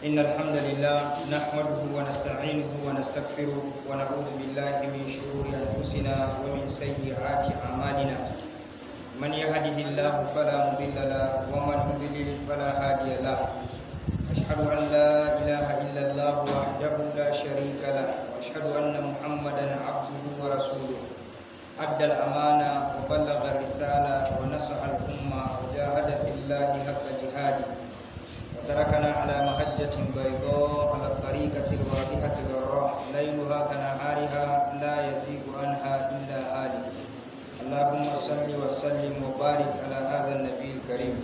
إن الحمد لله نحمده ونستعينه ونستغفره ونعوذ بالله من شرور أنفسنا ومن سيئات أعمالنا من يهده الله فلا مضل له ومن يضلل فلا هادي له أشهد أن لا إله إلا الله وحده لا شريك له وأشهد أن محمدا عبده ورسوله أدى الأمانة وبلغ الرسالة ونصح الأمة وجاهد في الله حق جهاده وتركنا على محجة بيضاء على الطريقة الواضحة الراء ليلها كنهارها لا يزيغ عنها إلا هالك اللهم صل وسلم وبارك على هذا النبي الكريم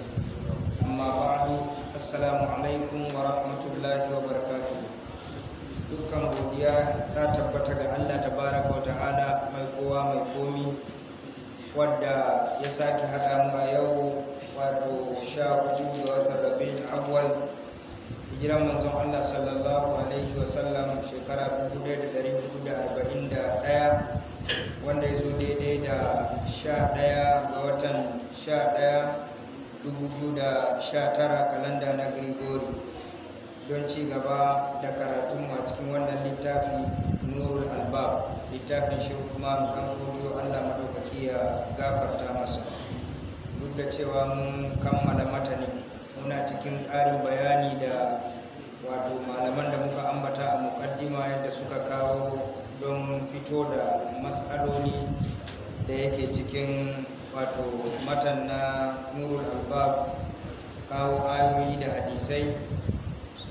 أما بعد السلام عليكم ورحمة الله وبركاته dukkan godiya ta tabbata ga Allah tabaraka wa ta'ala mai kowa mai komi wadda ya sake haɗa mu a yau wato sha hudu da watan rabin awwal hijiran manzon Allah sallallahu alaihi wasallam shekara 1441 wanda ya zo daidai da sha ɗaya ga watan sha ɗaya dubu da sha tara kalanda na Grigori don ci gaba da karatun a cikin wannan littafi nurul albab littafin shi kuma kan Allah maɗaukaki ya gafarta masa. duk da cewa mun kammala ne muna cikin ƙarin bayani da wato malaman da muka ambata a mukaddima yadda suka kawo don fito da matsaloli da yake cikin wato matan na nurul albab kawo ayoyi da hadisai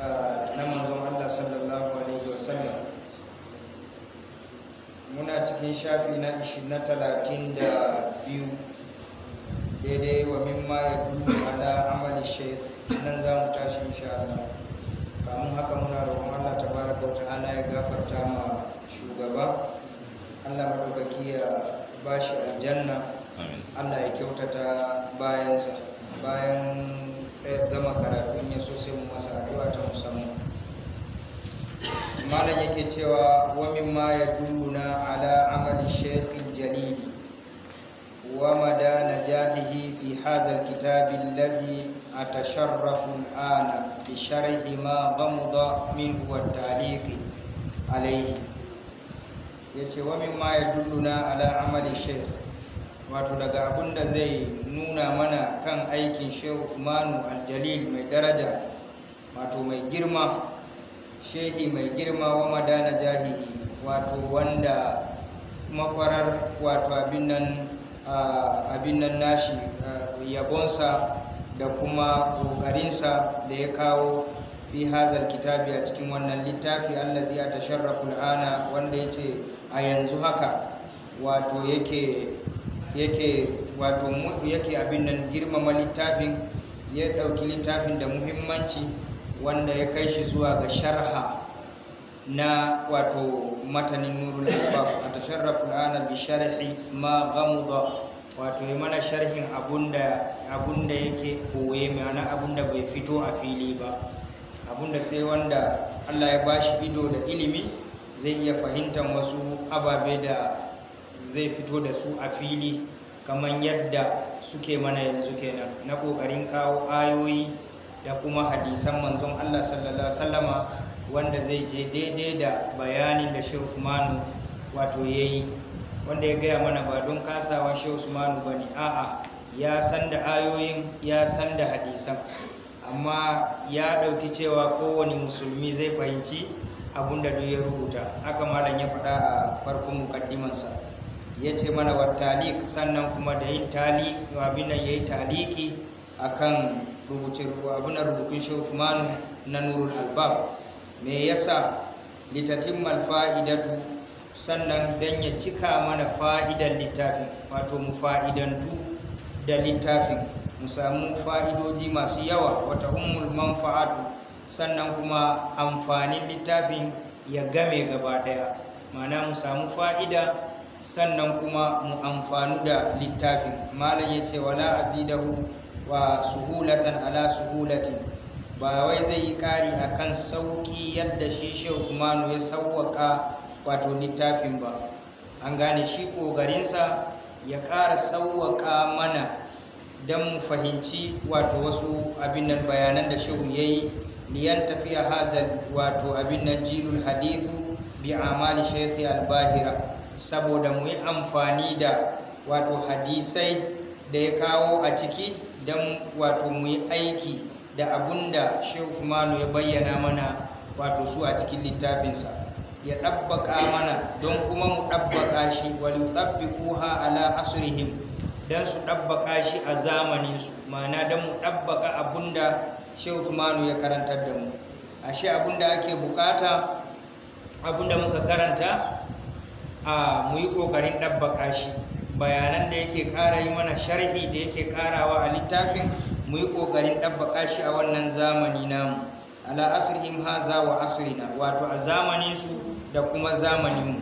ah, na manzon allah sallallahu alaihi wasallam muna cikin shafi na talatin da biyu daidai wa mimma ya dulu ala amali shaykh nan za mu tashi insha Allah kamun haka muna roƙon Allah tabaraka wa ta'ala ya gafarta ma shugaba Allah madaukaki ya bashi aljanna Allah ya kyautata bayansa bayan gama karatun ya so sai mu masa addu'a ta musamman malam yake cewa wa mimma yaduluna ala amali shaykhin jalili ومدى نجاحه في هذا الكتاب الذي أتشرف الآن بشرح ما غمض منه والتعليق عليه yace wa mimma yadulluna ala amali sheikh wato daga abun da zai nuna mana kan aikin shehu Usmanu Aljalil mai daraja wato mai girma shehi mai girma wa madana jahihi wato wanda makwarar wato abin nan abin nan nashi yabonsa da kuma ƙoƙarinsa da ya kawo fi hazar kitabi a cikin wannan littafi allazi a tasharraful ana wanda ya ce a yanzu haka wato yake yake wato yake abin nan girmama littafin ya ɗauki littafin da muhimmanci wanda ya kai shi zuwa ga sharha na wato matanin nurul albab a tasharrafu ana bi sharhi ma gamuda wato yi mana sharhin abun da yake koye mana abun da bai fito a fili ba Abunda sai wanda allah ya bashi ido da ilimi zai iya fahimtar wasu ababe da zai fito da su a fili kamar yadda suke mana yanzu kenan na ƙoƙarin kawo ayoyi da kuma hadisan manzon allah sallallahu alaihi wasallama wanda zai je daidai da bayanin da shehu usmanu wato ya yi wanda ya gaya mana ba don kasawa shehu usmanu ba ne a'a ya san da ayoyin ya san da hadisan amma ya ɗauki cewa kowane musulmi zai fahimci abin da ya rubuta haka malam ya faɗa a farkon mukaddimansa ya ce mana wa talik sannan kuma da yin tali abin da ya yi taliki akan kan rubutun shehu usmanu na nurul albab me yasa litatimmal fa'idatu sannan dan ya cika mana fa'idan littafin wato mu fa'idantu da littafin mu samu fa'idoji masu yawa wata ummul manfa'atu sannan kuma amfanin littafin ya game gaba daya ma'ana mu samu fa'ida sannan kuma mu amfanu da littafin malam ya ce wala azidahu wa suhulatan ala suhulatin ba wai zai yi ƙari a kan sauƙi yadda shi shehu kumanu ya sauwaka wato littafin ba an gane shi ƙoƙarinsa ya ƙara sauwaka mana don mu fahimci wato wasu abin nan bayanan da shehu ya yi liyan tafiya hazal wato abin nan jilul hadithu bi amali shaykhi al-bahira saboda mu yi amfani da wato hadisai da ya kawo a ciki don wato mu yi aiki da abunda da shehu manu ya bayyana mana wato su a cikin littafinsa ya ɗabbaka mana don kuma mu ɗabbaƙa shi wani ha ala asrihim don su ɗabbaka shi a zamaninsu ma'ana don mu dabbaka abun da shehu manu ya karantar da mu ashe abun da ake bukata abun da muka karanta a mu yi ƙoƙarin ɗabbaka shi bayanan da yake ƙara yi mana sharhi da yake ƙarawa a littafin mu yi ƙoƙarin ɗabbaƙa shi a wannan zamani namu ala asrihim haza wa asrina wato a zamanin su da kuma zamanin mu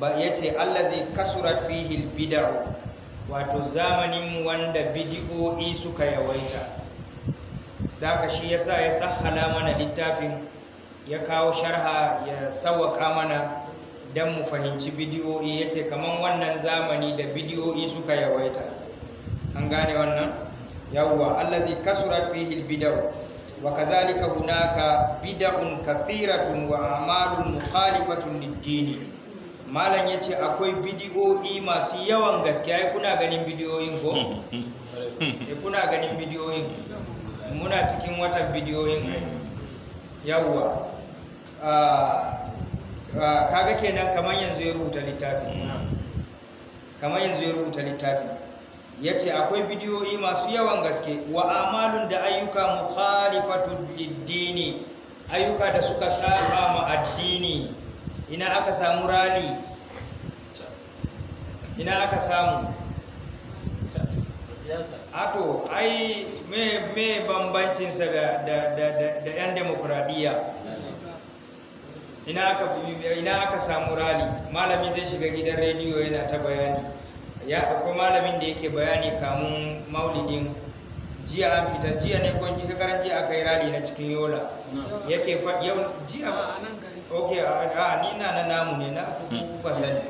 ba ya ce zai kasurat fihil bid'u wato zamanin mu wanda bidioi suka yawaita da haka shi sa ya sahala mana littafin ya kawo sharha ya sawaka mana don mu fahimci bidiyoyi ya ce kamar wannan zamani da bidiyoyi suka yawaita an gane wannan yawwa allazi kasura fihi albidaw wa kadhalika hunaka bid'un kathiratun wa a'malun mukhalifatun lid-din malan yace akwai bidiyoyi masu yawan gaskiya ai kuna ganin bidiyoyin ko eh kuna ganin bidiyoyin muna cikin wata bidiyoyin mm. yawwa ah, ah, kaga kenan kamar yanzu ya rubuta littafi mm. kamar yanzu ya rubuta littafi ya ce akwai bidiyoyi masu yawan gaske wa amalin da ayyuka mukhalifatun liddini ayyuka da suka saba ma addini ina aka samu rali ina aka samu ato ai me me bambancin sa da da da yan demokradiya ina aka ina aka samu rali malami zai shiga gidan rediyo yana ta bayani ya akwai malamin da yake bayani kamun maulidin jiya an fita jiya ne ko jiya karan jiya aka rali na cikin yola yake fa yau jiya ok a ni na na namu ne na kuka sani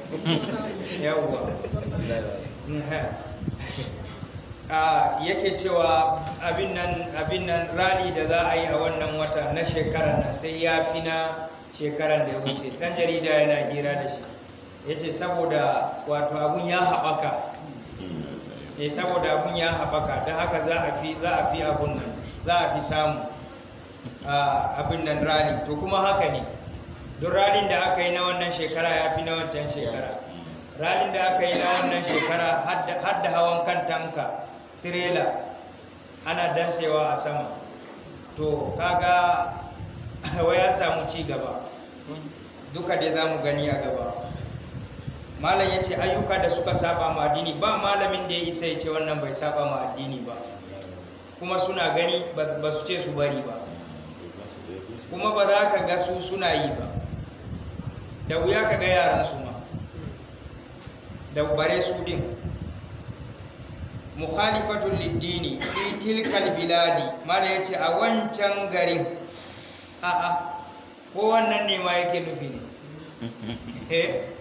a yake cewa abin nan abin nan rali da za a yi a wannan wata na shekarar sai ya fi na shekarar da ya wuce dan jarida yana hira da shi ya ce saboda wato abun ya haɓaka ya eh, saboda abun ya haɓaka don haka za a fi abun nan za a fi samu abin nan rani. to kuma haka ne don ranin da aka yi na wannan shekara ya fi na wancan shekara ranin da aka yi na wannan shekara har da hawan kan tanka tirela ana dansewa a sama to kaga wai ya samu ci gaba duka dai za mu gani a gaba malam ya ce ayyuka da suka saba ma addini ba malamin da ya isa ya ce wannan bai saba ma addini ba kuma suna gani ba su ce su bari ba kuma ba za ka ga su suna yi ba da wuya ka ga yaran su ma da bare su din mukhalifatul lidini fi tilkal biladi ya ce a wancan garin a'a ko wannan ne ma yake nufi ne eh?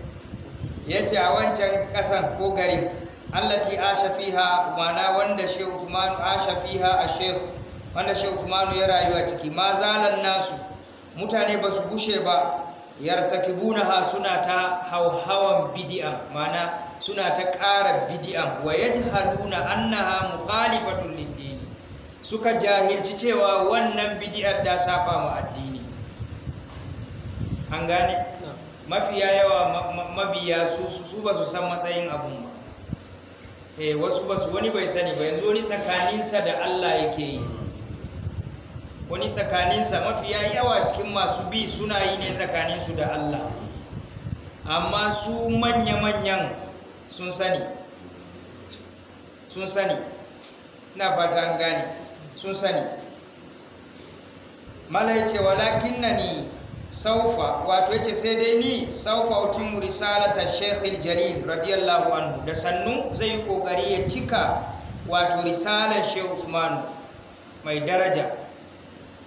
ya ce a wancan kasan ko garin allati asha fiha mana wanda shehu Uthman asha fiha a wanda shehu ya rayu a ciki ma zalan nasu mutane ba su gushe ba ha suna ta hauhawan bidiyan, mana suna ta ƙara bidi'an wa yajhaluna annaha mukhalifatun lid suka jahilci cewa wannan bidi'ar ta saba mu addini mafiya yawa mabiya su ba su san matsayin abun ba eh, wasu ba su wani bai sani ba yanzu wani tsakaninsa da Allah yake yi wani tsakaninsa mafiya yawa cikin masu bi suna yi ne tsakaninsu da Allah amma su manya-manyan sun sani sun sani na fata an sun sani mala ce walakin na ni saufa wato yace sai dai ni saufa utimmu risalata shekhil jalil radiyallahu anhu da sannu zai yi kokari ya cika wato risalan shehu usman mai daraja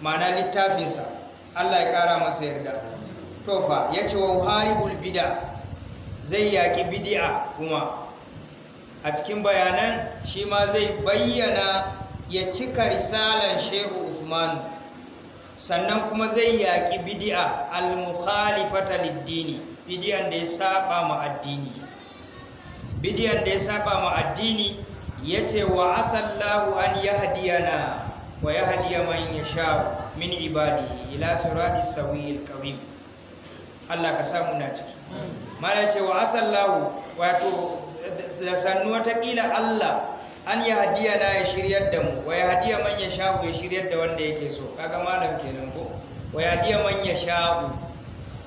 mana littafinsa allah ya kara masa yarda tofa ya ce wa haribul bida zai yaki bidi'a kuma a cikin bayanan shi ma zai bayyana ya cika risalan shehu usman sannan kuma zai yaƙi bidi'a al-mukhalifata lid-dini bidi'an da ya saba ma addini bidi'an da ya saba ma addini yace wa asallahu an yahdiyana wa ya man yasha min ibadihi ila sirati sawil qawim Allah ka samu na ciki mala yace wa asallahu wato da sannu wata kila Allah an ya hadiya na ya shiryar da mu wai ya hadiya man ya shahu ya shiryar da wanda yake so kaga malam kenan ko wai ya hadiya man ya shahu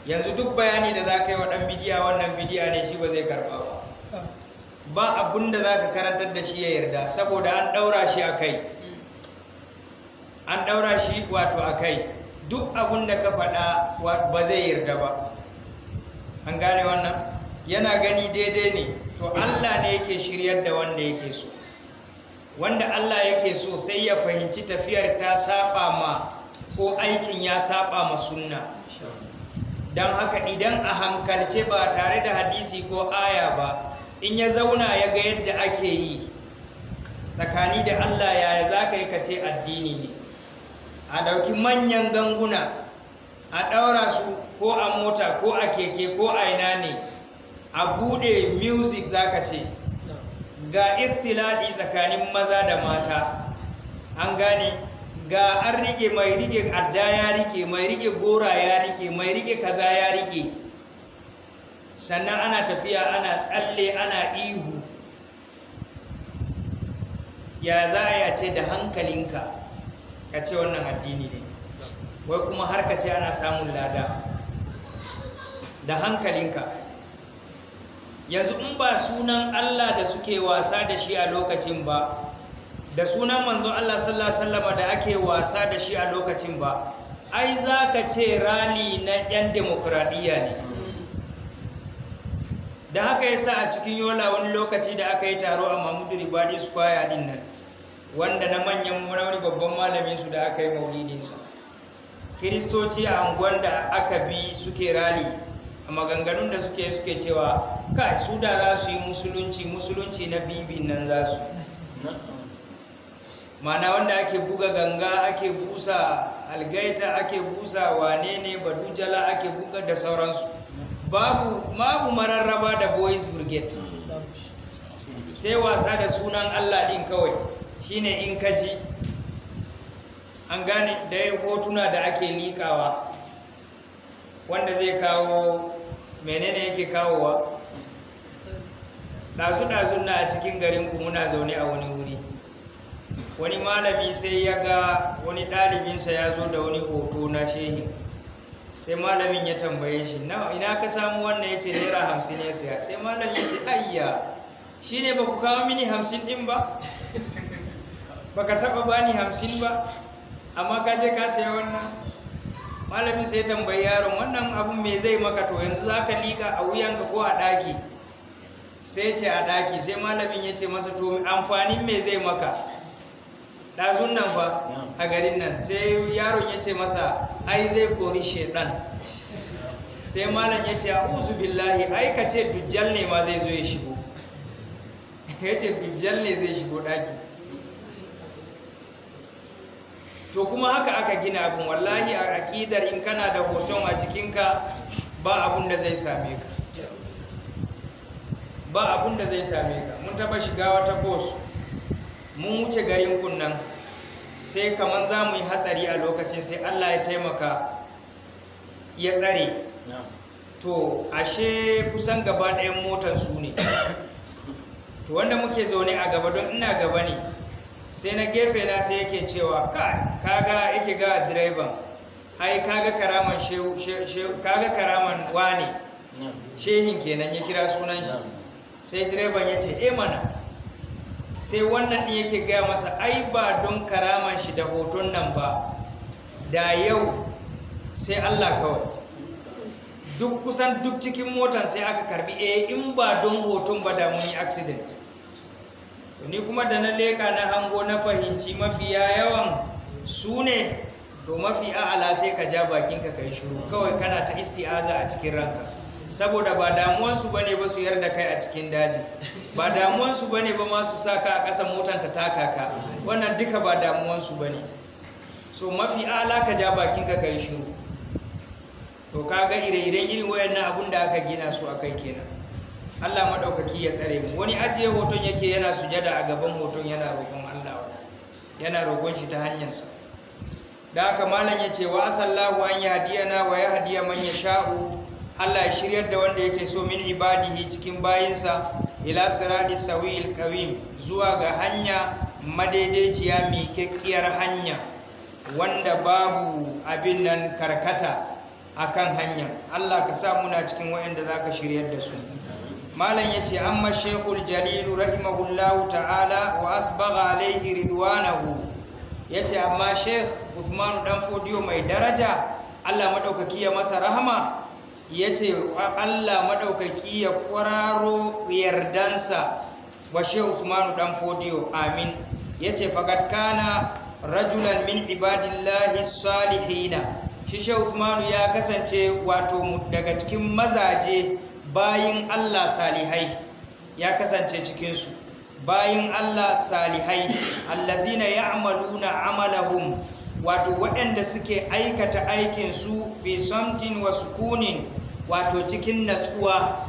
yanzu duk bayani da za ka yi wa ɗan bidiya wannan bidiya ne shi ba zai karɓa ba ba abun da za ka karantar da shi ya yarda saboda an ɗaura shi a kai an ɗaura shi wato a kai duk abun da ka faɗa ba zai yarda ba an gane wannan yana gani daidai ne to allah ne yake shiryar da wanda yake so wanda Allah yake so sai ya fahimci tafiyar ta saba ma ko aikin ya saba ma sunna don haka idan a hankalce ba tare da hadisi ko aya ba in ya zauna ya ga yadda ake yi tsakani da Allah yaya za ka yi ka ce addini ne a ɗauki manyan ganguna a ɗaura su ko a mota ko a keke ko a ina ne a buɗe music za ka ce ga ikhtilati tsakanin maza da mata an gane ga an rike mai rike adda ya rike mai rike gora ya rike mai rike kaza ya rike sannan ana tafiya ana tsalle ana ihu ya za a yace da hankalinka ka ce wannan addini ne wai kuma har ka ce ana samun lada da hankalinka yanzu in ba sunan Allah da suke wasa da shi a lokacin ba da sunan manzon Allah sallallahu alaihi wasallam da ake wasa da shi a lokacin ba ai zaka ce rali na 'yan demokradiya ne da haka yasa a cikin yola wani lokaci da aka yi taro a mahmudu ribadi square din nan wanda na manyan wani babban malamin su da aka yi sa kiristoci a unguwar da aka bi suke rali maganganun da suke suke cewa kai su da za su yi musulunci musulunci na bibin nan za su mana wanda ake buga ganga ake busa algaita ake busa wane ne badujala ake buga da sauransu babu babu mararraba da boys brigade sai wasa da sunan allah din kawai shine in kaji an gane da hotuna da ake likawa wanda zai kawo menene yake kawowa ɗazu dazu na a cikin garin ku muna zaune a wani wuri wani malami sai ya ga wani ɗalibinsa ya zo da wani hoto na shehi sai malamin ya tambaye shi ina ka samu wannan yace naira hamsin ya siya sai malamin ya ce ayya shi ba ku kawo mini hamsin ɗin ba ba ka bani hamsin ba amma ka je ka saya wannan malamin sai tambayi yaron wannan abun me zai maka to yanzu za ka liƙa a wuyanka ko a ɗaki sai ce a ɗaki sai malamin ya ce masa to amfanin me zai maka ɗazun nan fa a garin nan sai yaron ya ce masa ai zai kori shaidan sai malam ya ce a uzu billahi ai ka ce dujjal ne ma zai zo ya shigo ya ce dujjal ne zai shigo ɗaki to kuma haka aka gina abin wallahi a akidar in kana da hoton a jikinka ba abun da zai same ka ba abun da zai same ka mun taba shiga wata bos mun wuce garin kunnan sai kaman za mu yi hatsari a lokacin sai allah ya taimaka ya tsare to ashe kusan gaba ɗayan motar su ne to wanda muke zaune a gaba don ina gaba ne sai na gefe na sai yake cewa kaga yake ga direban ai kaga karaman shehu kaga karaman wane shehin kenan ya kira sunan shi sai direban ya ce eh mana sai wannan din yake gaya masa ai ba don karaman shi da hoton nan ba da yau sai Allah kawai duk kusan duk cikin motan sai aka karbi eh in ba don hoton ba da mun yi accident ni kuma da na leƙa na hango na fahimci mafiya yawan su ne to mafi a'ala sai ka ja bakinka ka yi shiru kawai kana ta isti'aza a cikin ranka saboda ba damuwansu ba ne ba su yarda kai a cikin daji ba damuwansu ba ne ba ma su sa ka a ƙasa motar ta taka ka wannan duka ba damuwansu ba ne so mafi a'ala ka ja bakinka ka yi shiru to kaga ire-iren irin wayannan abun da aka gina su a kai kenan Allah maɗaukaki ya tsare mu wani ajiye hoton yake yana sujada a gaban hoton yana roƙon Allah yana roƙon shi ta hanyarsa da haka malam ya ce wa asallahu an yahdiyana wa yahdiya man yasha'u Allah ya shiryar da wanda yake so min ibadihi cikin bayinsa ila sirati sawil qawim zuwa ga hanya madaidaiciya kekkiyar hanya wanda babu abin nan karkata akan hanya Allah ka sa muna cikin wayanda zaka shiryar da su malam yace amma shekul jalilu rahimahullahu ta'ala wa asbagha alaihi ridwanahu yace amma sheikh Uthman dan fodiyo mai daraja Allah madaukaki ya masa rahama yace Allah madaukaki ya kwararo yardansa wa sheikh Uthman dan fodiyo amin yace faqad kana rajulan min ibadillahi salihina shi sheikh Uthman ya kasance wato daga cikin mazaje bayin Allah salihai ya kasance cikinsu bayin Allah salihai allazina ya'maluna amalahum wato waɗanda suke aikata aikinsu fi something wa kunin wato cikin natsuwa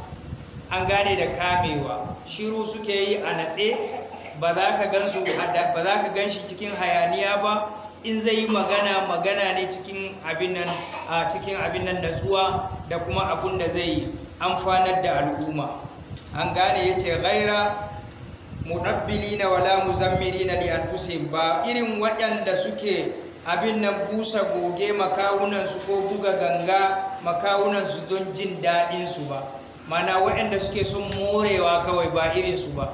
an gane da kamewa shiru suke yi a natse ba za ka su ba za ka ganshi cikin hayaniya ba in zai yi magana magana ne cikin abin nan a cikin abin nan natsuwa da kuma abun da zai yi amfanar da al'umma an gane ya ce gaira na wala mu zammiri na anfusihim ba irin waɗanda suke abin nan busa goge makawunansu ko buga ganga makawunansu don jin daɗinsu ba mana waɗanda suke sun morewa kawai ba irinsu ba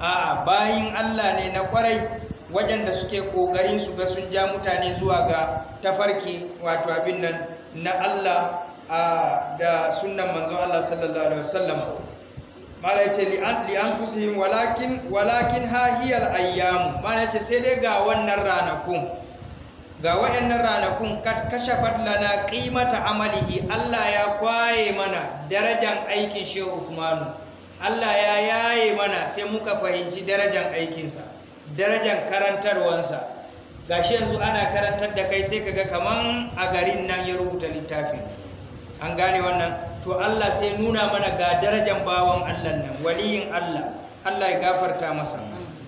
a'a bayin allah ne na kwarai waɗanda suke ƙoƙarin su ga sun ja mutane zuwa ga tafarki wato abin nan na allah da sunan manzon Allah sallallahu alaihi wasallam mala yace li an li walakin walakin ha hiyal ayyam mala yace sai dai ga wannan ranakun ga wayannan ranakun kat kashafat lana qimata amalihi Allah ya kwaye mana darajan aikin Shehu Uthman Allah ya yaye mana sai muka fahimci darajan aikinsa darajan karantarwansa gashi yanzu ana karantar da kai sai kaga kaman a garin nan ya rubuta littafin an gane wannan to Allah sai nuna mana ga darajan bawan Allah nan waliyin Allah Allah ya gafarta masa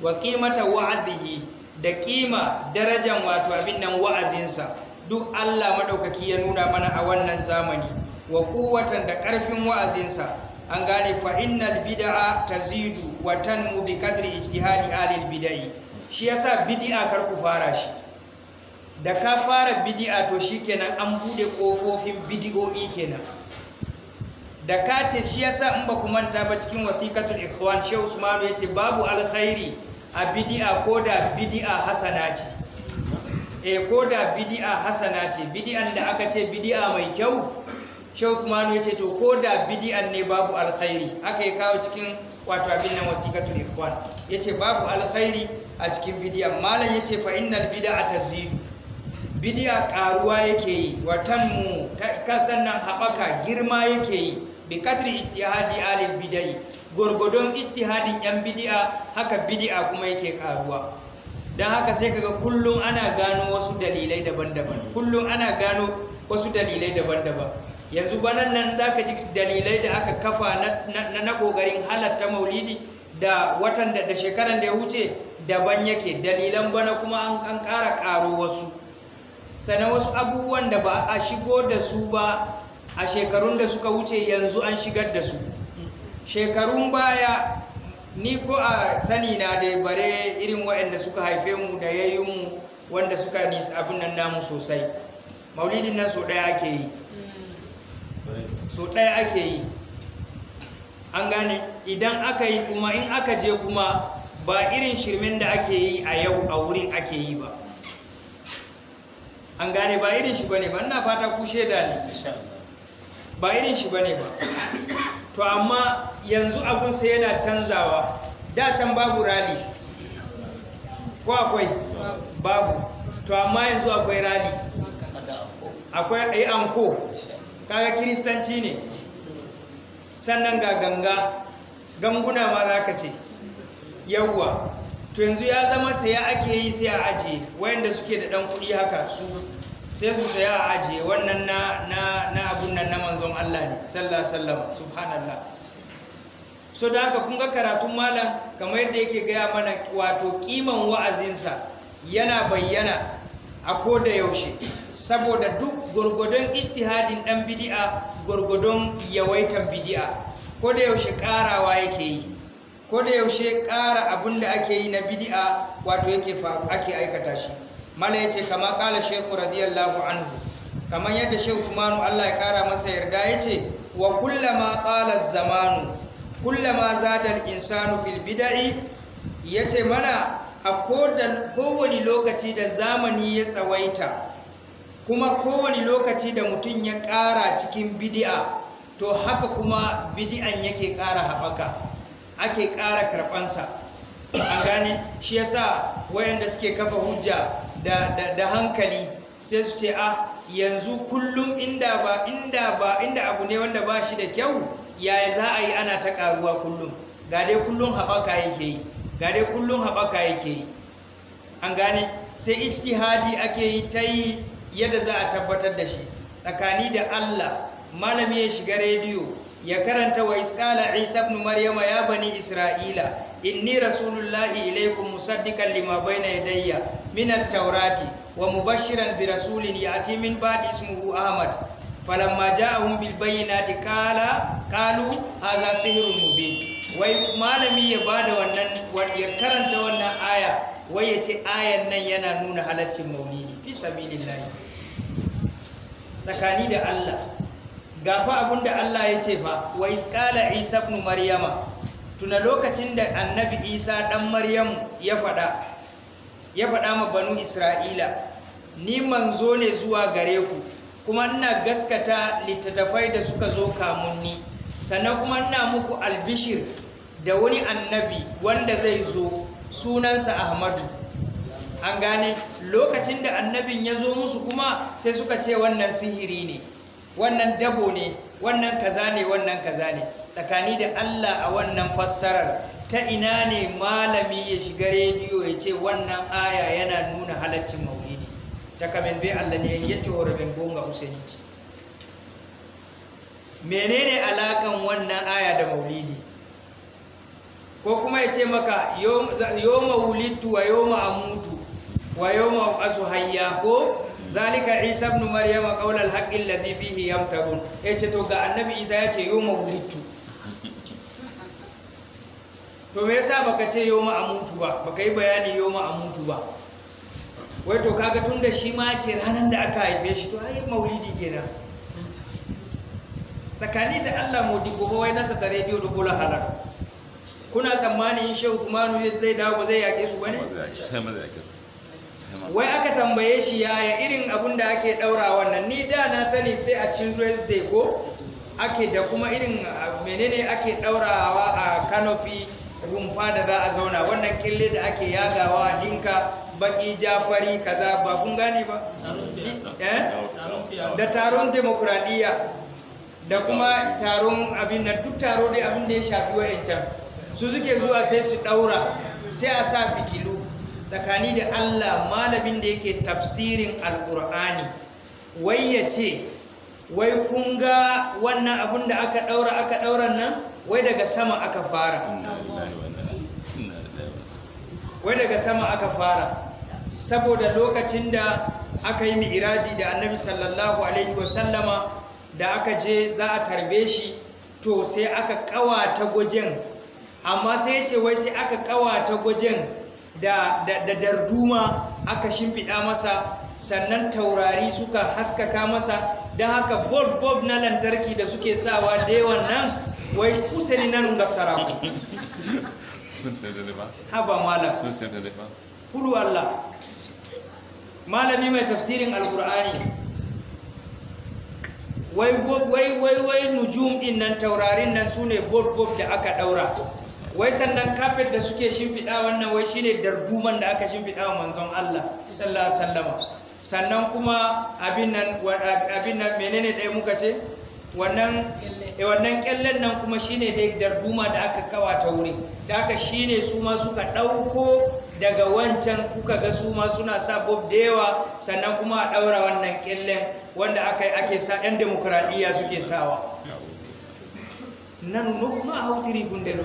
wa qimata wa'azihi da kima darajan wato abin nan wa'azinsa duk Allah madaukaki ya nuna mana a wannan zamani wa kuwatan da karfin wa'azinsa an gane fa innal bid'a tazidu wa tanmu bi kadri ijtihadi alil bida'i shi yasa bid'a kar ku fara shi da ka fara bidi'a to shikenan an bude kofofin bidi'o'i kenan da ka ce shi yasa in ba ku manta ba cikin wasiqatul ikhwan shehu usmanu yace babu alkhairi a bidi'a ko da bidi'a hasana ce e ko da bidi'a hasana ce bidi'an da aka ce bidi'a mai kyau shehu usmanu yace to ko da bidi'an ne babu alkhairi aka yi kawo cikin wato abin nan wasiqatul ikhwan yace babu alkhairi a cikin bidi'an malam yace fa innal bid'a tazidu bidiya karuwa yake yi watan mu kasan nan haɓaka girma yake yi bi kadri ijtihadi alil bidai gwargwadon ijtihadin yan bidiya haka bidiya kuma yake karuwa don haka sai kaga kullum ana gano wasu dalilai daban-daban kullum ana gano wasu dalilai daban-daban yanzu banan nan za ka ji dalilai da aka kafa na na kogarin halatta maulidi da watan da shekaran da ya wuce daban yake dalilan bana kuma an ƙara ƙaro wasu sannan wasu abubuwan da ba a shigo da su ba a shekarun da suka wuce yanzu an shigar da su shekarun baya ni ko a sani na da bare irin waɗanda suka haife mu da mu wanda suka nisa abin nan namu sosai maulidin nan so ɗaya ake yi so ɗaya ake yi an gane idan aka yi kuma in aka je kuma ba irin shirmen da ake yi a yau a wurin ake yi ba an gane ba irin shi bane ba ina fata ku shaida ne ba irin shi bane ba to amma yanzu abun sai yana canzawa da can babu rali ko akwai babu to amma yanzu akwai rali akwai ai eh, anko kaga kiristanci ne sannan ga ganga ganguna ma za ka ce yawwa to yanzu ya zama saya ake yi sai a ajiye wayanda suke da dan kuɗi haka su sai su saya a ajiye wannan na na na abun nan na manzon Allah ne sallallahu alaihi wasallam subhanallah so da haka kun ga karatun malam kamar yadda yake gaya mana wato kiman wa'azinsa yana bayyana a ko da yaushe saboda duk gwargwadon ijtihadin dan bid'a gwargwadon yawaitan bid'a ko da yaushe karawa yake yi ko da yaushe ƙara abun da ake yi na bidi'a wato yake ake aikata shi mala yace kama kala shehu radiyallahu anhu kamar yadda shehu kumanu Allah ya ƙara masa yarda yace wa kullama qala zamanu kullama zada al-insanu fil bid'i yace mana a kowane lokaci da zamani ya tsawaita kuma kowane lokaci da mutum ya ƙara cikin bidi'a, to haka kuma bid'an yake ƙara haɓaka ake ƙara karɓansa an gane shi yasa wayanda suke kafa hujja da, hankali sai su ce a ah, yanzu kullum inda ba inda ba inda abu ne wanda ba shi da kyau yaya za a yi ana ta ƙaruwa kullum ga dai kullum haɓaka yake yi ga dai kullum haɓaka yake yi an gane sai ijtihadi ake yi ta yi yadda za a tabbatar da shi tsakani da Allah malami ya shiga rediyo ya karanta wa isqala isa ibn maryama ya bani isra'ila inni rasulullahi ilaikum musaddiqan lima bayna yadayya min at-taurati wa mubashiran bi rasulin ya'ti min ba'di ismuhu ahmad falamma ja'ahum bil bayyinati qala qalu hadha sihrun mubin wai malami ya bada wannan ya karanta wannan aya wai ya ce ayan nan yana nuna halaccin maulidi fi sabilillah tsakani da Allah gafa da Allah ya ce fa wa isqala isa ibn maryama tuna lokacin da annabi isa dan maryam ya faɗa ya fada ma banu isra'ila ni manzo ne zuwa gare ku kuma ina gaskata littattafai da suka zo kamunni. sannan kuma ina muku albishir da wani annabi wanda zai zo sunansa ahmadu an gane lokacin da annabin ya zo musu kuma sai suka ce wannan sihiri ne wannan dabo ne wannan kaza ne wannan kaza ne tsakani da Allah a wannan fassarar ta ina ne malami ya shiga rediyo ya ce wannan aya yana nuna halaccin maulidi ta kamen bai Allah ne ya ce horabin bonga usainiti menene alakan wannan aya da maulidi ko kuma ya ce maka yo mawulitu wa yo ma'amutu wa yawma asu hayya ko zalika isa ibn maryama qawl al haqqi allazi fihi Ya ce to ga annabi isa ya ce yace yawma wulidtu to me yasa baka ce yawma amutu ba baka yi bayani yawma amutu ba wai to kaga tun da shi ma ce ranar da aka haife shi to ai maulidi kenan tsakani da Allah modi kuma wai nasa ta rediyo da kula halar kuna tsammanin shehu Usmanu zai dawo ba zai yake su bane sai wai aka tambaye shi yaya irin abun da ake daura wannan ni da na sani sai a children's day ko ake da kuma irin menene ake daurawa a canopy rumfa da za a zauna wannan kille da ake yagawa a dinka baki jafari kaza ba kun gane ba eh? da taron demokradiyya da kuma taron abin da duk taro dai abin da ya shafi wa'ancan su suke zuwa sai su daura sai a sa fitilu tsakani da Allah malamin da yake tafsirin alkur'ani wai ya ce wai kun ga wannan abun da aka ɗaura aka ɗaura nan wai daga sama aka fara wai daga sama aka fara saboda lokacin da aka yi mi'iraji da annabi sallallahu alaihi wasallama da aka je za a tarbe shi to sai aka kawata gwajen amma sai ce wai sai aka kawata gwajen da, darduma aka shimfiɗa masa sannan taurari suka haskaka masa don haka bob bob na lantarki da suke sawa da yawan nan wai usali na nunga sarawa haba malam hudu allah malami mai tafsirin alkur'ani wai wai wai wai nujum din nan taurarin nan sune bob bob da aka daura wai sannan kafin da suke shimfiɗa wannan wai shine darduman da aka shimfiɗa wa manzon Allah sallallahu alaihi wasallam sannan kuma abin nan abin nan menene ɗaya muka ce wannan eh, wannan kyallen nan kuma shine dai darduma da aka kawata wuri da aka shine su ma suka ɗauko daga wancan kuka ga su ma suna sa bob da yawa sannan kuma a ɗaura wannan kyallen wanda aka ake sa yan demokradiyya suke sawa nanu no rigun hautiri gundelo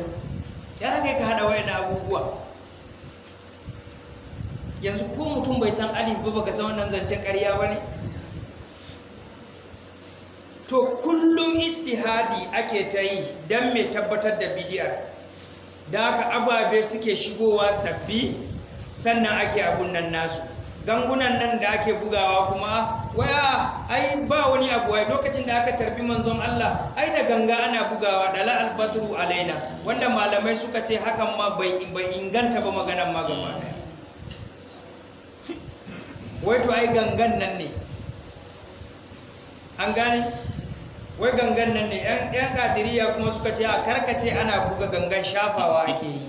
sai ka hada wayan abubuwa yanzu ko mutum bai san alif ba baka san wannan zancen ƙarya ba ne to kullum ijtihadi ake ta yi don mai tabbatar da bidiyar da haka ababe suke shigowa sabbi sannan ake abun nan nasu gangunan nan da ake bugawa kuma waya ai ba wani abu ai lokacin da aka tarbi manzon Allah ai da ganga ana bugawa dala albatru alaina wanda malamai suka ce hakan ma bai inganta ba maganar ma gaba daya wai to ai gangan nan ne an gane wai gangan nan ne yan kadiriya kuma suka ce a karkace ana buga gangan shafawa ake yi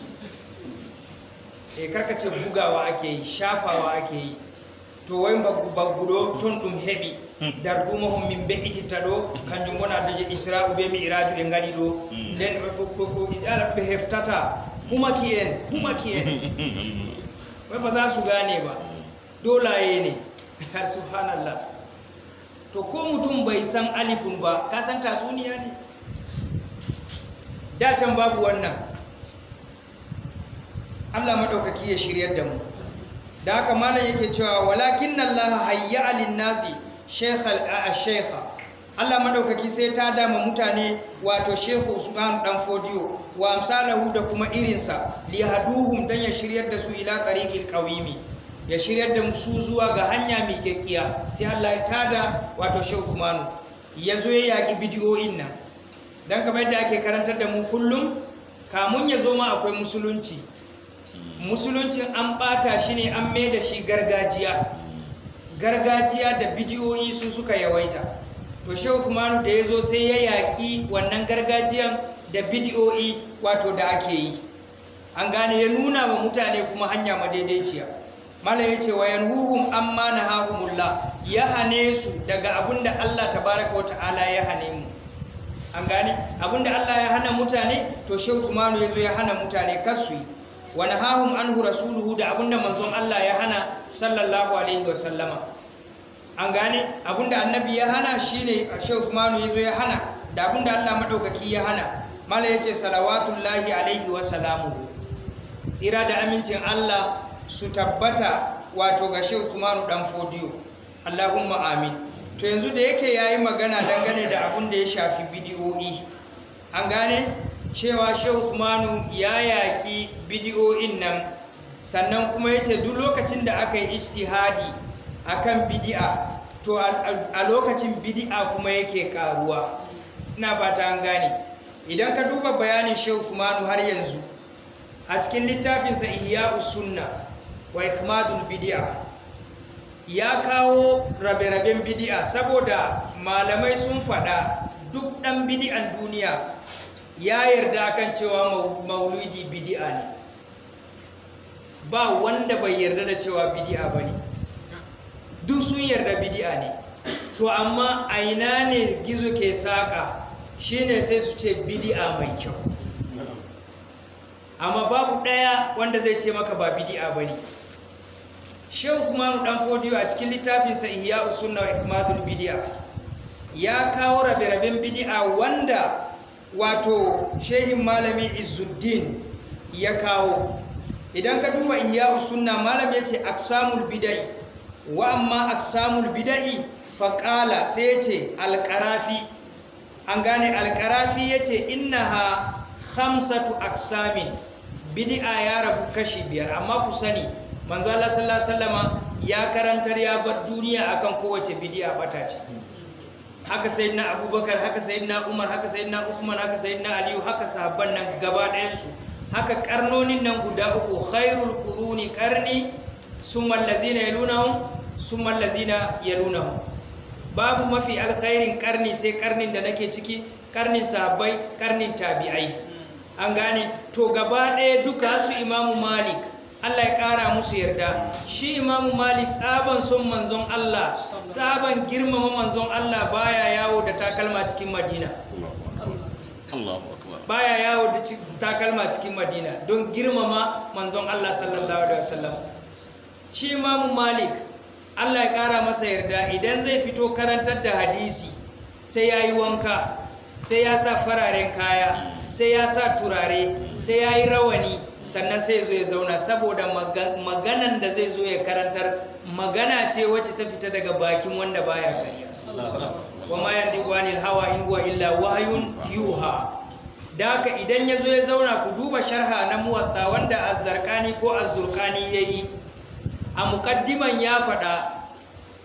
eh karkace bugawa ake yi shafawa ake yi to wai mbaggu ɗo hmm. ton ɗum heɓi hmm. darduma hon min be'ititta ɗo hmm. kanjum wona daje isra'u be mi'iraju ɓe ngaɗi ɗo nden ala ɓe heftata humaki en humaki en wai ba za su gane ba dow layene har subhanallah to ko mutum bai san alifun ba ka san suniya ne da can babu wannan allah maɗaukaki ya shiryar da mu da haka yake cewa walakin Allah hayya alin nasi shekhal a shekha Allah madaukaki sai ta dama mutane wato Shehu Usman dan Fodiyo wa amsalahu da kuma irinsa li haduhum dan ya shiryar da su ila tariqil qawimi ya shiryar da su zuwa ga hanya mai kekkiya sai Allah ya tada wato shekhu Usman ya zo ya yaki bidiyoyin nan dan kamar yadda ake karantar da mu kullum kamun ya zo ma akwai musulunci musuluncin an ɓata shi ne an mai da shi gargajiya gargajiya da bidiyoyi su suka yawaita to shehu Uthmanu da ya zo sai ya yaƙi wannan gargajiyan da bidiyoyi wato da ake yi an gane ya nuna wa mutane kuma hanya madaidaiciya mala ya ce wa yanhuhum amma nahahumullah ya hane su daga da Allah tabaraka wa ta'ala ya hane mu an gane da Allah ya hana mutane to shehu Uthmanu ya zo ya hana mutane kasu yi wa nahahum anhu rasuluhu da abunda manzon Allah ya hana sallallahu alaihi wa sallama an gane abunda annabi ya hana shine Sheikh Uthman yazo ya hana da abunda Allah madaukaki ya hana mala yace salawatullahi alaihi wa salamu tsira da amincin Allah su tabbata wato ga Sheikh Uthman dan fodiyo Allahumma amin to yanzu da yake yayi magana dangane da abunda ya shafi bidiyoyi an gane cewa shehu usmanu ya yaƙi bidiyoyin nan sannan kuma yace duk lokacin da aka yi ijtihadi akan bidi'a to a lokacin bidi'a kuma yake karuwa ina fata an gane idan ka duba bayanin shehu usmanu har yanzu a cikin littafinsa iya sunna wa ikhmadul bidi'a ya kawo rabe-raben bidi'a saboda malamai sun faɗa duk ɗan bidi'an duniya ya yarda kan cewa mauludi bidi'a ne ba wanda bai yarda da cewa bidi'a ba ne duk sun yarda bidi'a ne to amma aina ne gizo ke saƙa shine sai su ce bidi'a mai kyau amma babu ɗaya wanda zai ce maka ba bidi'a ba ne shehu kumanu dan fodiyo a cikin littafinsa ihya usunna wa bidi'a ya kawo rabe-raben bidi'a wanda wato shehin malami izuddin ya kawo idan ka duba iyahu sunna malam ya ce aksamul bida'i wa amma aksamul bida'i faƙala sai ya ce alƙarafi an gane alƙarafi ya ce ha hamsatu aksamin bidi'a ya rabu kashi biyar amma ku sani manzala sallallahu ya karantar ya bar duniya akan kowace bidi'a bata ce haka sayyidina abubakar haka sayyidina umar haka sayyidina usman haka sayyidina aliyu haka sahabban nan gaba ɗayansu haka karnonin nan guda uku khairul quruni karni summa allazina yalunahum summa allazina yalunahum babu mafi alkhairin karni sai karnin da nake ciki karnin sahabbai karnin tabi'ai an gane to gaba ɗaya duka su imamu malik Allah ya ƙara musu yarda shi imamu malik tsaban son manzon Allah tsaban girmama manzon Allah baya yawo da takalma cikin madina baya yawo da takalma cikin madina don girmama manzon Allah sallallahu alaihi wasallam shi imamu malik Allah ya ƙara masa yarda idan zai fito karantar da hadisi sai ya yi wanka sai ya sa fararen kaya sai ya sa turare sai ya yi rawani sannan sai zo ya zauna saboda maganan da zai zo ya karantar magana ce wacce ta fita daga bakin wanda baya gari wa ma yandiqu wani hawa in huwa illa wahyun yuha daka idan ya zo ya zauna ku duba sharha na muwatta wanda as-zarkani ko azzurkani yayi a muqaddiman ya faɗa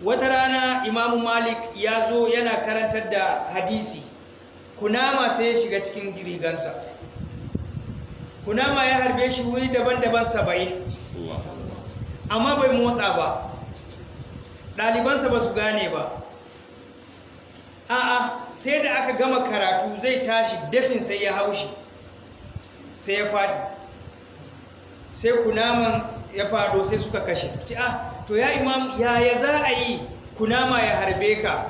wata rana imamu malik ya zo yana karantar da hadisi kunama sai ya shiga cikin rigarsa kunama ya harbe shi wuri daban-daban saba'in amma bai motsa ba ɗalibansa ba su gane ba a'a sai da aka gama karatu zai tashi dafin sai ya haushi sai ya faɗi sai kunaman ya faɗo sai suka kashe a ah, to ya imam yaya za a yi kunama ya harbe ka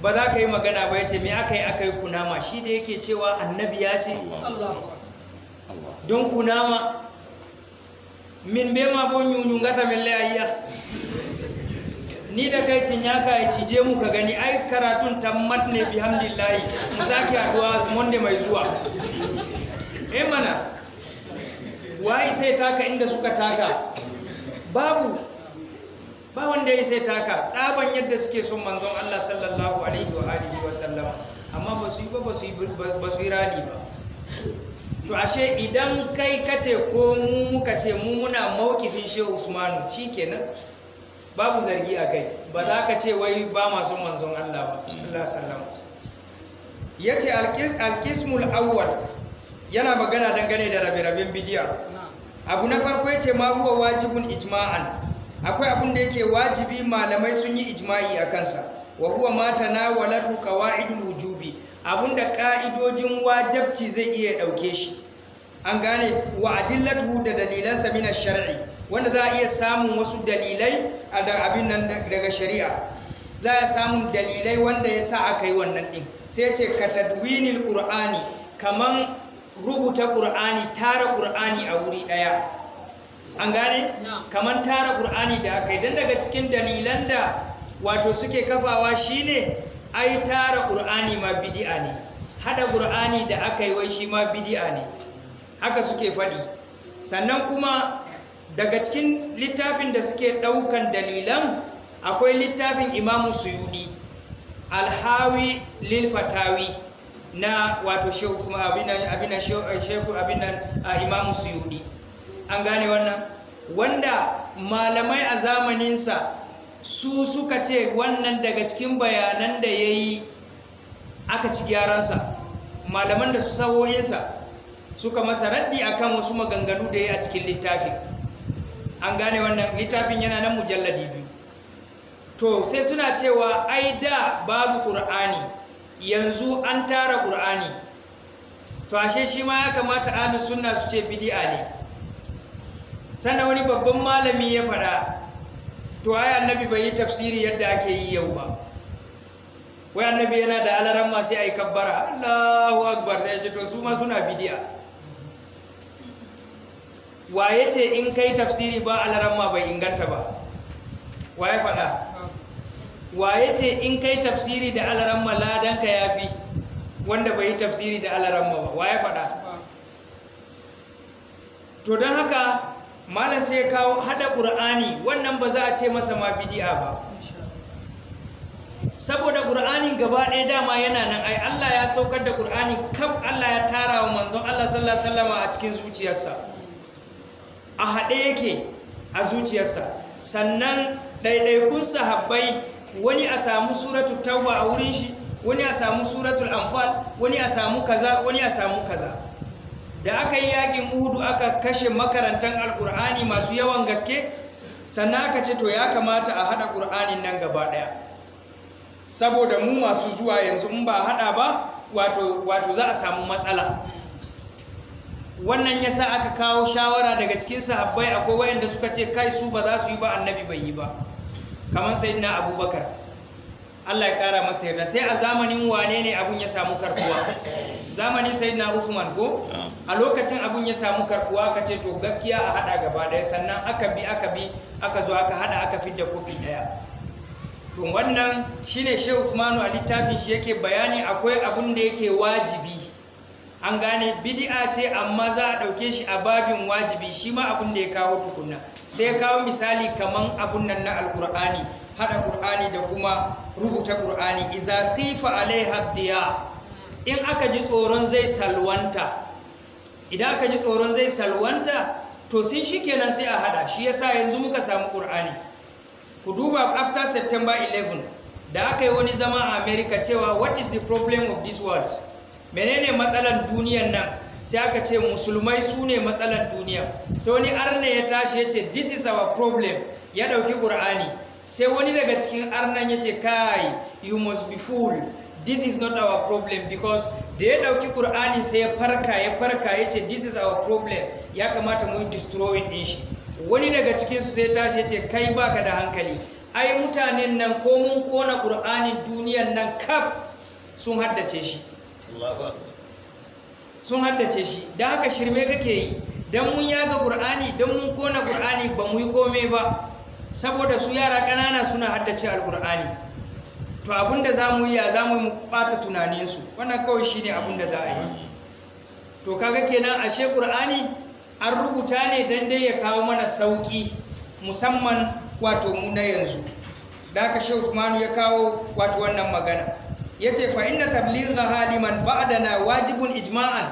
ba za ka yi magana ba ya ce me aka yi aka yi kunama shi da yake cewa annabi ya ce don kunama min be ma bo nyunyu ngata melle ayya ni da kai ci nyaka yi cije mu ka gani ai karatun tammat ne bihamdillahi mu sake addu'a monde mai zuwa eh mana wai sai taka inda suka taka babu ba wanda ya sai taka tsaban yadda suke son manzon Allah sallallahu alaihi wa alihi wa sallam amma ba su yi ba ba su yi rali ba to ashe idan kai kace ko mu muka ce mu muna mawkifin shehu usmanu kenan. babu zargi a kai ba za ka ce wai ba masu manzon Allah ba sallallahu ya ce alkismul awwal yana magana dangane da rabe-raben bidiya abu na farko ya ce ma huwa wajibun ijma'an akwai abun da yake wajibi malamai sun yi ijma'i a kansa wa huwa na walatu qawaidul wujubi abinda ka'idojin wajabci zai iya ɗauke shi an gane wa adillatu da dalilansa min shar'i wanda za a iya samun wasu dalilai a abin nan daga shari'a za a samun dalilai wanda ya sa aka yi wannan ɗin sai ce ka tadwinil ƙur'ani kaman rubuta ƙur'ani tara ƙur'ani a wuri ɗaya an gane kaman tara ƙur'ani da aka yi don daga cikin dalilan da wato suke kafawa shine ai tara ƙur'ani ma bidi'a ne haɗa ƙur'ani da aka yi wai shi ma bidi'a ne haka suke faɗi sannan kuma daga cikin littafin da suke ɗaukan dalilan akwai littafin imamu suyudi alhawi lilfatawi na wato shehu shehu imamu suyudi an gane wannan wanda malamai a zamaninsa su suka ce wannan daga cikin bayanan da ya yi aka ci gyaransa malaman da su sahohinsa suka masa raddi akan wasu maganganu da ya a cikin littafin an gane wannan littafin yana nan mujalladi biyu to sai suna cewa ai da babu ƙur'ani yanzu an tara ƙur'ani to ashe shi ma ya kamata ahlus sunna su ce bidi'a ne sannan wani babban malami ya faɗa to ai annabi bai yi tafsiri yadda ake yi yau ba wai annabi yana da alaran ma sai ai kabbara Allahu akbar sai ce to su ma suna bidiya wa ce in kai tafsiri ba alaran ma bai inganta ba waye fada wa ce in kai tafsiri da alaran ma ladan ka yafi wanda bai yi tafsiri da alaran ma ba waye fada to don haka malam sai ya kawo hada ƙur'ani wannan ba za a ce masa ma bidi'a ba saboda ƙur'ani gaba ɗaya dama yana nan ai Allah ya saukar da ƙur'ani kaf Allah ya tara wa manzon Allah sallallahu alaihi wasallam a cikin zuciyarsa a haɗe yake a zuciyarsa sannan ɗaiɗaikun sahabbai wani a samu suratul tauba a wurin shi wani a samu suratul anfal wani a samu kaza wani a samu kaza da aka yi yakin uhudu aka kashe makarantar alkur'ani masu yawan gaske sannan aka ce to ya kamata a haɗa ƙur'anin nan gaba ɗaya saboda mu masu zuwa yanzu in ba haɗa ba wato za a samu matsala wannan ya sa aka kawo shawara daga cikin sahabbai akwai waɗanda suka ce kai su ba za su yi ba annabi bai yi ba kamar na abubakar Allah ya kara masa yarda sai a zamanin wane ne abun ya samu karkuwa, zamanin sayyidina Uthman ko ah. a lokacin abun ya samu karkuwa aka ce to gaskiya a hada gaba daya sannan aka bi aka bi aka zo aka hada aka fidda kofi daya to wannan shine Sheikh Uthman a littafin shi yake bayani akwai abun da yake wajibi an gane bid'a ce amma za a dauke shi a babin wajibi shi ma abun da ya kawo tukunna sai ya kawo misali kaman abun nan na alkur'ani hada qur'ani da kuma rubuta qur'ani iza khifa alaiha diya in aka ji tsoron zai salwanta idan aka ji tsoron zai salwanta to sun shikenan sai a hada shi yasa yanzu muka samu qur'ani ku duba after september 11 da aka yi wani zama a america cewa what is the problem of this world menene matsalan duniyan nan sai aka ce musulmai su ne matsalan duniya sai wani arne ya tashi ya ce this is our problem ya ɗauki ƙur'ani sai wani daga cikin arnan ya ce kai you must be full. this is not our problem because da ya ɗauki Kur'ani sai ya farka ya farka ya ce this is our problem ya kamata mu destroy destroying ɗin shi wani daga cikinsu sai tashi ya ce kai baka da hankali ai mutanen nan ko mun kona Kur'ani duniyan nan kaf sun haddace shi sun haddace shi da haka shirme kake yi don mun yaga Kur'ani, don mun kona ƙur'ani ba mu yi kome ba saboda su yara ƙanana suna haddace Alƙur'ani, to abinda za mu yi ya za mu ɓata tunaninsu wannan kawai shi ne abinda za a yi to kaga kenan ashe ƙur'ani an rubuta ne don dai ya kawo mana sauƙi musamman wato mu na yanzu da aka shi Uthmanu ya kawo wato wannan magana ya ce fa inna tabligha haliman ba'adana wajibun ijma'an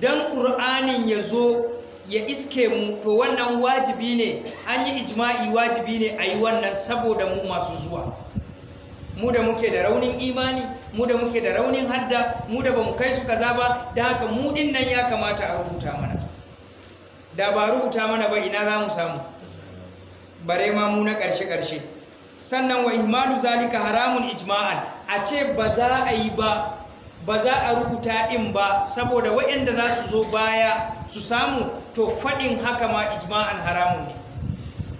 Don ƙur'anin ya zo ya iske mu to wannan wajibi ne an yi ijma'i wajibi ne a yi wannan saboda mu masu zuwa mu da muke da raunin imani mu da muke da raunin hadda mu da bamu kai su kaza ba da haka mu din nan ya kamata a rubuta mana da ba rubuta mana ba ina za mu samu bare ma mu na ƙarshe ƙarshe sannan wa ihmalu zalika haramun ijma'an a ce ba za a yi ba ba za a rubuta ɗin ba saboda waɗanda za su zo baya su samu to faɗin haka ma ijma'an haramun ne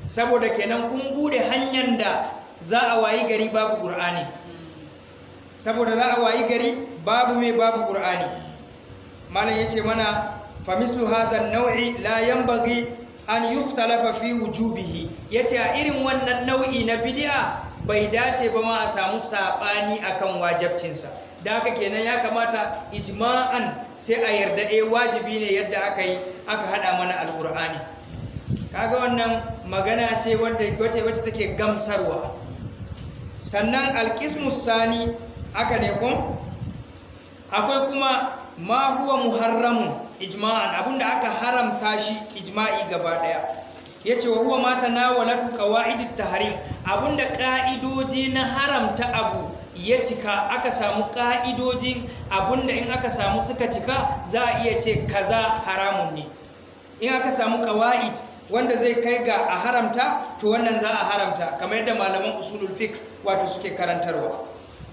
saboda kenan kun bude hanyar da za a wayi gari babu ƙur'ani saboda za a wayi gari babu mai babu ƙur'ani malam ya ce mana famislu hazan nau'i layan bagi an yuhtalafa fi wujubihi ce a irin wannan nau'i na bidiya bai dace ba ma a samu saɓani akan wajabcinsa da haka kenan ya kamata ijma'an sai a yarda eh wajibi ne yadda aka yi aka hada mana alqur'ani kaga wannan magana ce wanda wace wace take gamsarwa sannan alkismus sani aka ne kun akwai kuma ma huwa muharramun ijma'an abinda aka haramta shi ijma'i gaba daya ya ce wa huwa mata na walatu ƙawa'idin taharim abinda ƙa'idoji na haramta abu ya cika aka samu ƙa'idojin abinda in aka samu suka cika za a iya ce kaza haramun ne in aka samu ƙawa'id wanda zai kai ga a haramta to wannan za a haramta kamar yadda malaman usulul fiqh wato suke karantarwa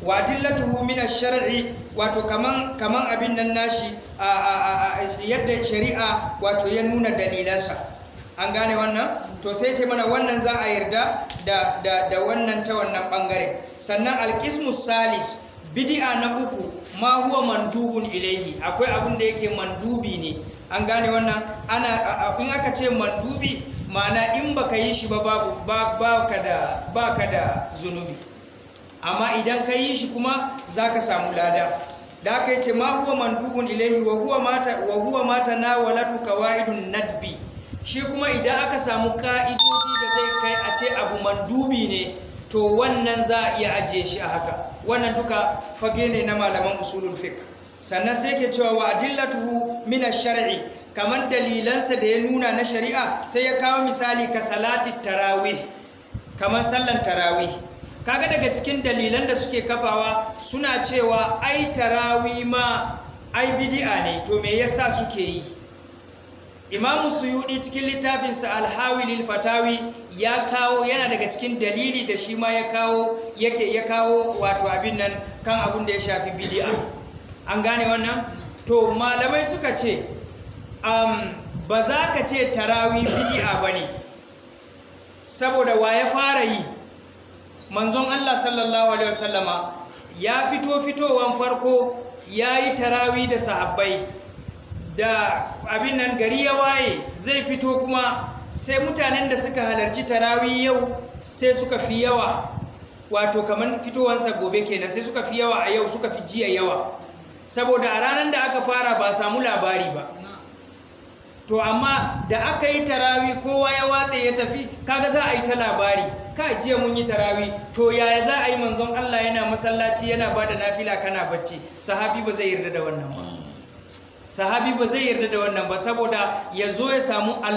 wa dillatuhu min ash-shar'i wato kaman kaman abin nan nashi yadda shari'a wato ya nuna dalilansa an gane wannan to sai ce mana wannan za a yarda da wannan ta wannan bangare sannan alkismus salis bidia na uku ma huwa mandubun ilaihi akwai abin da yake mandubi ne an gane wannan ana in aka ce mandubi ma'ana in baka yi shi ba babu da zunubi amma idan ka yi shi kuma za ka samu lada da aka ce ma huwa mandubun ilaihi wa huwa mata na walatu kawa'idun nadbi shi kuma idan aka samu ka'idoji da zai kai a ce abu mandubi ne to wannan za a iya ajiye shi a haka wannan duka fage ne na malaman usulun fik sannan sai ke cewa wa adillatuhu min ash-shar'i kamar dalilansa da ya nuna na shari'a sai ya kawo misali ka salati tarawih kamar sallan tarawih kaga daga cikin dalilan da suke kafawa suna cewa ai tarawih ma ai bid'a ne to me yasa suke yi imamu suyudi cikin littafinsa alhawilil fatawi ya kawo yana daga cikin dalili da shi ma ya kawo yake ya kawo wato abin nan kan abin da ya shafi bidi'a an gane wannan to malamai suka ce um, ba za ka ce tarawi bidi'a ba ne saboda wa ya fara yi manzon allah sallallahu alaihi wasallama ya fito fitowan farko ya yi tarawi da sahabbai da abin nan gari ya waye zai fito kuma sai mutanen da suka halarci tarawi yau sai suka fi yawa wato kamar fitowansa gobe kenan sai suka fi yawa a yau suka fi jiya yawa saboda a ranar da aka fara ba samu labari ba to amma da aka yi tarawi kowa ya watse ya tafi kaga za a yi ta labari ka jiya mun yi tarawi to yaya za a yi manzon Allah yana masallaci yana bada nafila kana bacci sahabi ba zai yarda da wannan ba sahabi ba zai yarda da wannan ba saboda ya zo ya samu Allah